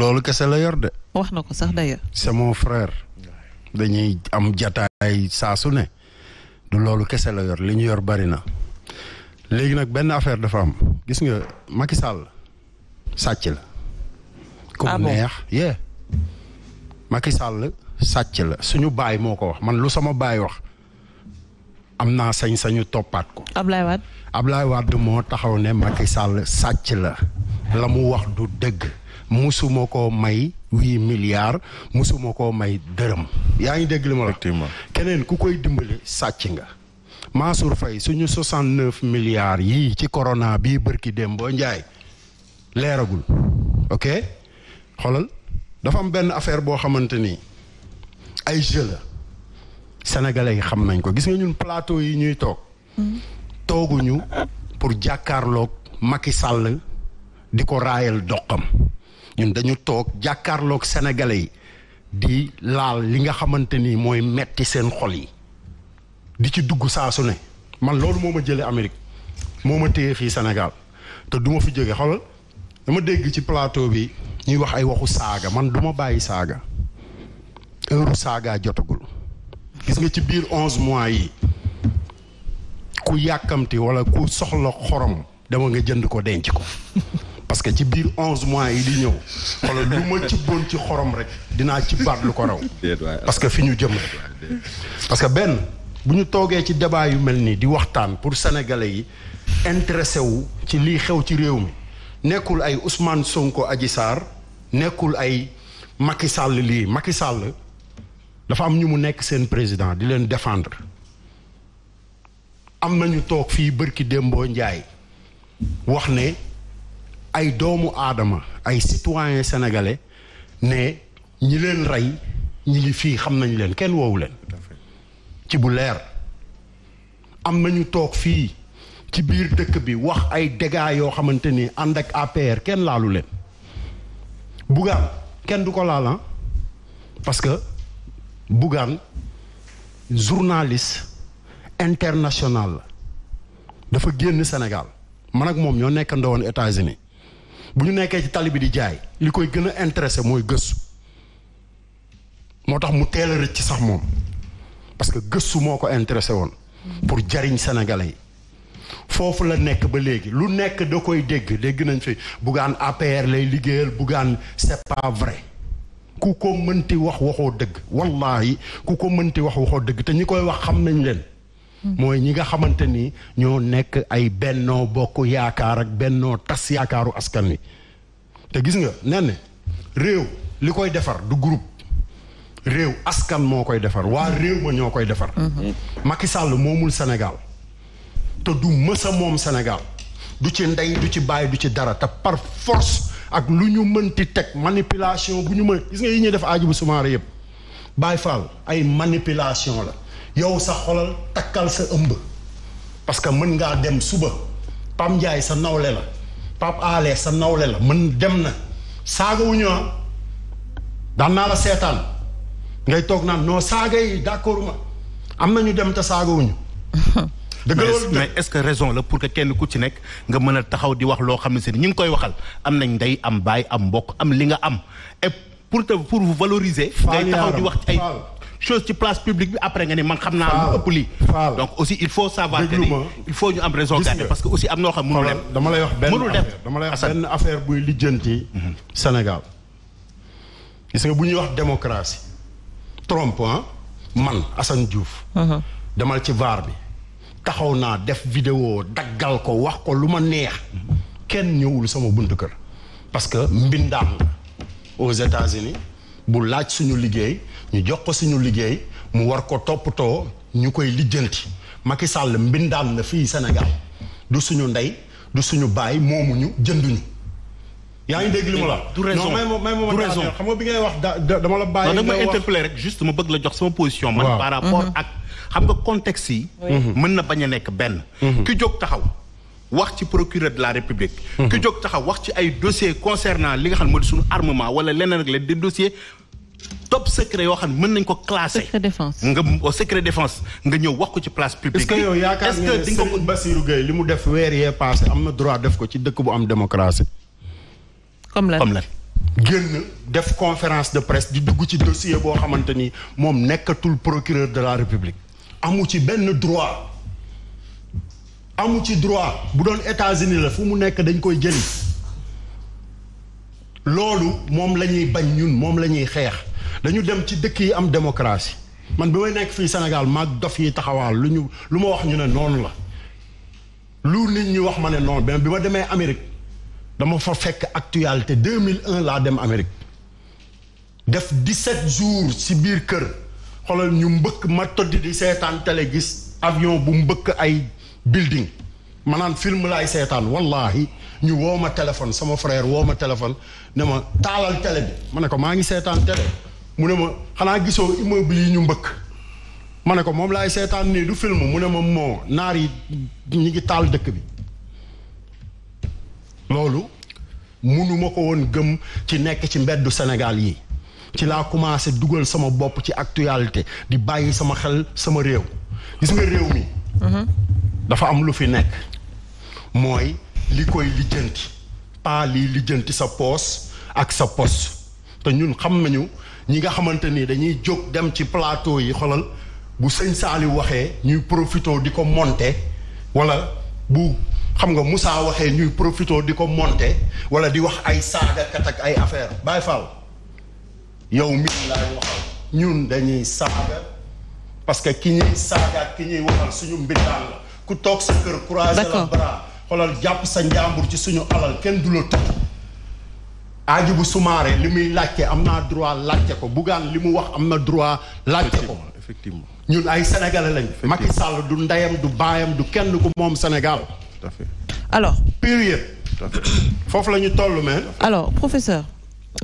loolu kese la yor de. wax na ko sax d'ailleurs. c'est mon frère. dañuy am jataay saa ne du loolu kese la yor li ñu yor bari na léegi nag benn affaire dafa am gis nga Macky sàcc la. ah ku neex sàcc la suñu baay moo ko wax man lu sama baay wax am naa sañ-sañu toppaat ko. Ablaye Wade. Ablaye Wade moo taxaw ne Macky Sall sàcc la la mu wax du dëgg. musuma koo may huit milliards musuma koo may dërëm. yaa ngi dégg li ma la keneen ku koy dimbali sàcc nga. Mansour Faye suñu soixante neuf milliards yii ci corona bii bërki dem boo njaay leeragul ok xoolal dafa am benn affaire boo xamante ni ay jeu la yi xam nañ ko gis nga ñun plateau yi ñuy toog tooguñu pour jàkkaarlook Macky sàll di ko raayal doqam ñun dañu toog jàkkaarlook senegale yi di laal li nga xamante ni mooy metti seen xol yi di ci dugg saa ne man loolu moo ma jëlee Amérique moo ma téye fii Sénégal te duma fi jóge xoolal dama dégg ci plateau bi ñuy wax ay waxu saaga man duma bàyyi saaga heure saaga jotagul gis nga ci biir onze mois yi ku yàkkamti walla ku soxla xorom dama nga jënd ko denc ko parce que ci biir onze mois yi di ñëw xoolal lu ma ci ci xorom rek dinaa ci baat lu ko raw parce que fi ñu jëm rek parce que benn bu ñu toogee ci débat yu mel nii di waxtaan pour sénégalais yi intéressé wu ci lii xew ci réew mi nekkul ay Ousmane Sonko Adji Sarr nekkul ay Macky Sall lii Macky dafa am ñu mu nekk seen président di leen défendre am nañu toog fii bërki démboo Njaay wax ne ay doomu aadama ay citoyen sénégalais ne ñi leen rey ñi ngi fii xam nañu leen kenn woowu leen ci bu leer am nañu toog fii ci biir dëkk bi wax ay dégâts yoo xamante ni ànd ak APR kenn laalu leen Bougane kenn du ko laal ah. parce que Bougane journaliste international la dafa génn Sénégal man ak moom ñoo nekk ndawoon États-Unis bu ñu nekkee ci tali bi di jaay li koy gën a intéressé mooy gëstu moo tax mu teel a rëcc sax moom parce que gëstu moo ko intéressé woon pour jariñ sénégalais yi foofu la nekk ba léegi lu nekk da koy dégg dégg nañ fi Bougane APR lay liggéeyal Bougane c'est pas vrai ku ko mënti wax waxoo dëgg wallaahi ku ko mënti wax waxoo dëgg te ñi koy wax xam nañ leen Hmm. mooy ñi nga xamante ni ñoo nekk ay bennoo bokk yaakaar ak bennoo tas yaakaaru askan wi. te gis nga nen réew li koy defar du groupe réew askan moo koy defar waa réew ma ñoo koy defar. Hmm. Hmm. Macky moomul Sénégal te du mësa moom Sénégal du ci ndey du ci bàyyi du ci dara te par force ak lu ñu mënti teg manipulation bu ñu mën gis nga yi ñuy def aaju bu sumaare yëpp Baye Fall ay manipulation la. yow sa xolal takkal sa ëmb parce que mën ngaa dem suba Pam njaay sa nawle la Pape Alé sa nawle la mën dem na saaga wu ñu ah. naa seetaan ngay toog naan non saaga yi d'accord ma am nañu dem te saaga wu ñu dëgg mais est-ce que raison la pour que kenn ku ci nekk nga mën a taxaw di wax loo xam ne si ñu ngi koy waxal am nañ ndey am baay am mbokk am li nga am et pour te pour valoriser. ngay taxaw di wax ci ay. chose ci place publique bi après nga ni man xam naa lu ëpp lii donc il faut savoir que ni il faut ñu am raison garder parce que aussi am noo xam mënul dem dama lay wax benn affaire dama lay wax benn buy lijjanti mhm. Sénégal gis bu ñuy wax démocratie trompe ah man Assane Diouf uh-huh. demal ci vaar bi taxaw naa def vidéo daggal ko wax ko lu ma neex mhm. kenn ñëwul sama buntu kër parce que mbindaan la aux États-Unis bu laaj suñu liggéey ñu jox ko suñu liggéey mu war ko toppatoo ñu koy lijjanti Macky Sall mbindaan na fii Sénégal du suñu ndey du suñu baay ñu jënduñu. yaa ngi dégg li ma la du raison du raison xam nga bi ngay wax dama la bàyyi. nga wax ma interpeller rek juste ma bëgg la jox sama position. man par rapport mhm. ak xam nga contexte yi. Mhm. mën na bañ a nekk benn. Mhm. ki jóg taxaw. wax ci procureur de la république. ki jóg taxaw wax ci ay dossiers concernant li nga xam ne moo di suñu armement wala leneen ak leen des dossiers top secret yoo xam ne mën nañ ko classé. secret défense nga au oh, secret défense nga ñëw wax ko ci place publique. est-ce que yow yaakaar nga ne Serigne Bassirou li mu def weer yee passé am na droit def ko ci dëkk bu am démocratie. comme lan comme lan. génn def conférence de presse di dugg ci dossier boo xamante ni moom nekkatul procureur de la république. amu ci benn droit. amu ci droit bu doon États-Unis la fu mu nekk dañ koy jëli. loolu moom la ñuy bañ ñun moom la ñuy xeex. dañu dem ci dëkk yi am démocratie man bi may nekk fii Sénégal maag dof yi taxawaal lu ñu lu ma wax ñu ne noonu la lu nit ñi wax ma ne noonu mais bi ma demee Amérique dama fa fekk actualité 2001 laa dem Amérique def 17 jours si biir kër xoolal ñu mbëkk ma tëdd di seetaan télé gis avion bu mbëkk ay building maanaam film laay seetaan wallahi ñu woo ma téléphone sama frère woo ma téléphone ne ma taalal tele bi ma ne ko maa ngi seetaan télé mu ne ma xanaa gisoo immeuble yi ñu mbëkk ma ne ko moom laay seetaan nii du film mu ne ma moo naar yi ñu ngi taal dëkk bi loolu munu ma ko woon gëm ci nekk ci mbeddu senegal yi ci laa commencé dugal sama bopp ci actualité di bàyyi sama xel sama réew gis nga réew mi mhm. dafa am lu fi nekk mooy li koy lijjanti pas lii lijjanti sa poos ak sa pos te ñun xam nañu ñi nga xamante ni dañuy jóg dem ci plateau yi xolal bu sëñ Saliou waxee ñuy profito di ko monter wala bu xam nga Moussa waxee ñuy profito di ko monter wala di wax ay saagakat ak ay affaire Baye Fall yow mi laay waxal ñun dañuy saaga parce que ki ñuy saaga ak ki ñuy waxal suñu mbindaan la ku toog sa kër croiser la bras xoolal jàpp sa njàmbur ci suñu alal kenn du la tudd aaju bu sumaare li muy laajte am naa droit laajte ko bugaan li mu wax am na droit laajte ko ñun ay sénégalais lañ Macky du ndeyam du baayam du kenn ko moom Sénégal tout à fait alors foofu la ñu toll mais alors professeur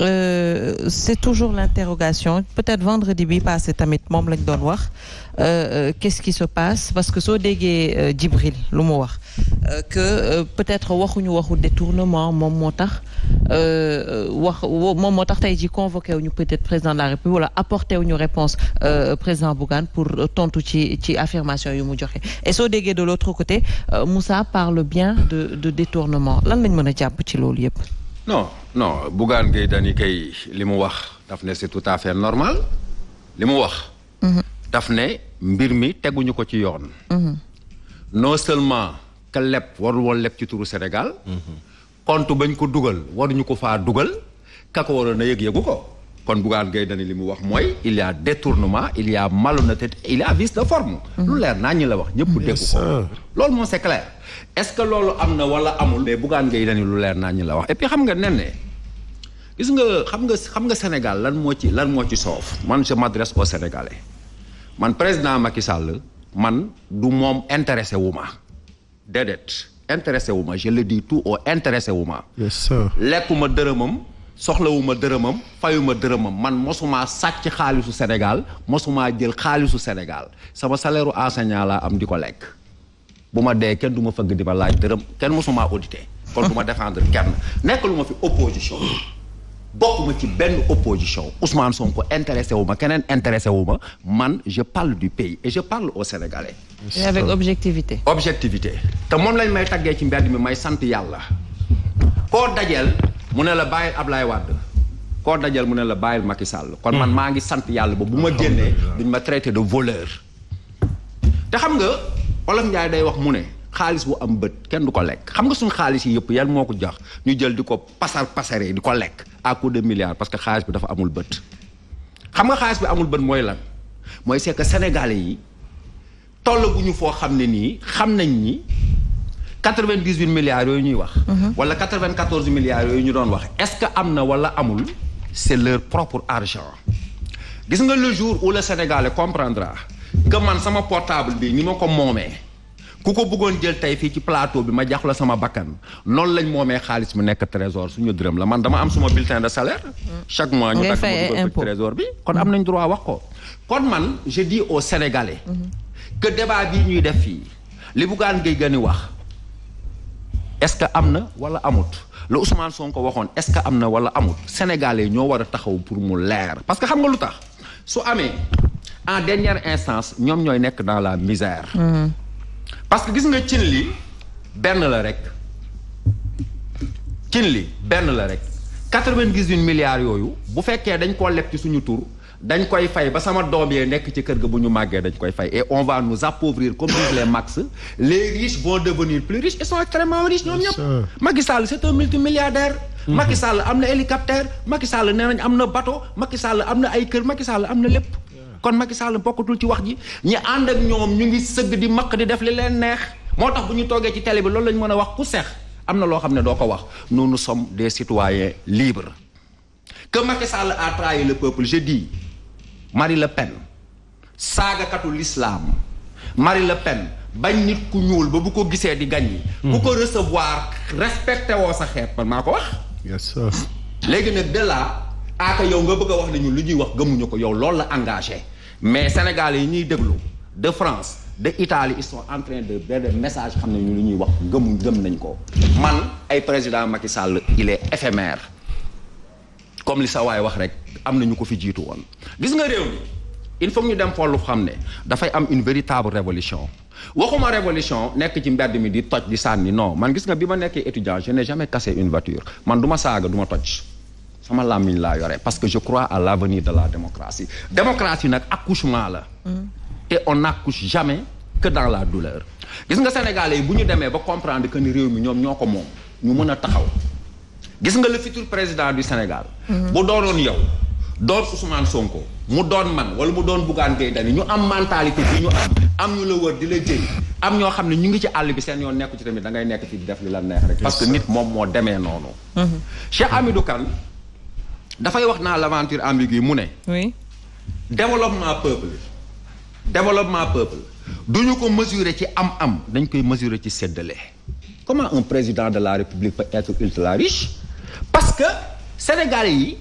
Euh, c'est toujours l'interrogation peut-être vendredi bi passé tamit moom lañu doon wax euh, euh, qu'est-ce qui se passe parce que soo déggee euh, Djibril lu mu wax Euh, que euh, peut-être waxuñu waxu détournement moom moo tax euh, wax moom moo tax tey ji convoqué wuñu peut-être président de la République wala apporté wuñu réponse président Bougane pour tontu ci ci affirmation yu mu joxe et soo déggee de l'autre côté Moussa parle bien de de détournement lan lañ mën a jàpp ci loolu yépp non no Bougane Gueye Dany li mu wax daf ne c'est tout à fait normal li mu wax mhm. daf ne mbir mi teguñu ko ci yoon mhm. non seulement ka leb warul woon leb ci turu Sénégal. compte bañ ko dugal waruñu ko faa dugal ka ko waroon a yëg ko. kon Bougane Gueye li mu wax mooy il y a détournement il y a malhonnêteté leer naa ñu la wax ñëpp dégg loolu moom c'est est-ce que loolu am na wala amul. mais Bougane Gueye Dany lu leer naa ñu la wax et xam nga nen ne gis nga xam nga xam nga Sénégal lan moo ci lan moo ci soof. man je m'adresse aux Sénégalais man président Macky Sall man du moom intéressé déedéet intéressé wu ma je le dis tout au intéressé wu ma. yes sir lekkuma dërëmam soxlawuma dërëmam fayuma dërëmam man mosumaa sàcc xaalisu Sénégal mosumaa jël xaalisu Sénégal sama salaire enseignant laa am di ko lekk bu ma dee kenn du ma fëgg di ma laaj dërëm kenn mosumaa audité kon du ma défendre kenn nekk lu ma fi opposition bokkuma ci benn opposition Ousmane Sonko intéressé wu ma keneen intéressé wu ma man je parle du pays et je parle aux Sénégalais. objectivité. objectivité te moom lañ may taggee ci mbedd mi may sant yàlla. koo dajeel mu ne la bàyyil Ablaye Wade koo dajeel mu ne la bàyyil Macky Sall. kon man hmm. maa ngi sant yàlla ba bu ma génnee duñ ma traité de voleur. te xam nga Olof Ndiaye day wax mu ne. xaalis bu am bët kenn du ko lekk xam nga suñu xaalis yi yëpp yan moo ko jox ñu jël di ko pasar pasaree di ko lekk à coup de milliards parce que xaalis bi dafa amul bët xam nga xaalis bi amul bët mooy lan mooy c'est que sénégalais yi tollaguñu foo xam ne nii xam nañ ni 98 milliards yooyu ñuy wax. Mhm. wala 94 milliards yooyu ñu doon wax est-ce que am na wala amul c'est leur propre argent gis nga le jour où le sénégalais comprendra que man sama portable bi ni ma ko moomee. ku ko bëggoon jël tey fii ci plateau bi ma jax la sama bakkan noonu lañ moomee xaalis mu nekk trésor suñu dërëm la man dama am suma bultin de salaire. chaque mois ñu takk ma dugal ko bi. kon am nañ droit wax ko. kon man je dis aux Sénégalais. Mhm. que débat bi ñuy def fii li Bougane Gueye Dany wax est-ce que am na wala amut. la Ousmane Sonko waxoon est-ce que am na wala amut Sénégalais ñoo war a taxaw pour mu leer parce que xam nga lu tax su amee en dernière instance ñoom ñooy nekk dans la misère. Mhm. parce que gis nga cin li benn la rek cin li benn la rek quatre-vingt-dix-huit yooyu bu fekkee dañ koo leb ci suñu tur dañ koy fay ba sama doom yee nekk ci kër ga bu ñu màggee dañ koy fay et on va nous appauvrir comme disent les Marx les riches vont devenir plus riches et sont extrêmement riches ñoom ñëpp Macky Sall c'est un multimilliardaire mhm. Macky am na hélicoptère Macky sàll nee nañ am na bato Macky sàll am na ay kër Macky sàll am na lépp kon Macky Sall bokkatul ci wax ji ñi ànd ak ñoom ñu ngi sëgg di maq di def li leen neex moo tax bu ñu toogee ci télé bi loolu lañ mën a wax ku seex am na loo xam ne doo ko wax noonu nous sommes des citoyens libres que Macky Sall a trahi le peuple je dis Marie Le Pen saagakatu l'islam Marie Le Pen bañ nit ku ñuul ba bu ko gisee di gañ yi hmm. ku ko recevoir respecté woo sa xeet man maa ko wax léegi nag de aaka ah, yow nga bëgg a wax ne ñun lu ñuy wax gëmuñu ko yow loolu la engagé mais Sénégal yi ñuy déglu de France de Italie ils sont en de benn message xam ne ñu lu ñuy wax gëmuñ gëm nañ ko man ay président Macky Sall il est éphémère comme li sa waaye wax rek am na ñu ko fi jiitu woon gis nga réew mi il faut ñu dem follu xam ne dafay am une véritable révolution waxuma révolution nekk ci mbedd mi di toj di sànni non man gis nga bi ma nekkee étudiant je ne jamais cassé une voiture man du saaga du ma sama làmmiñ laa yore parce que je crois à l'avenir de la démocratie démocratie nag accouchement la mm. te on n'accouche jamais que dans la douleur gis nga sénégalais yi bu ñu demee ba comprendre que ni réew mi ñoom ñoo ko moom ñu mën a taxaw gis nga le futur président du Sénégal mm-hmm. bu doonoon yow doon Ousmane Sonko mu doon man wala mu doon Bougane Gueye Dany ñu am mentalité bi ñu am am ñu la wër di la jëy am ñoo xam ne ñu ngi ci àll bi seen yoon nekku ci tamit da ngay nekk fi di def li la neex rek parce que nit moom moo demee noonu mm-hmm. Cheikh Hamidou Kane dafay wax naa l'aventure ambiguë mu ne. développement peuple. du ñu ko mesurer ci am-am dañ koy mesurer ci séddale. comment un président de la république peut être ultra riche parce que sénégalais yi.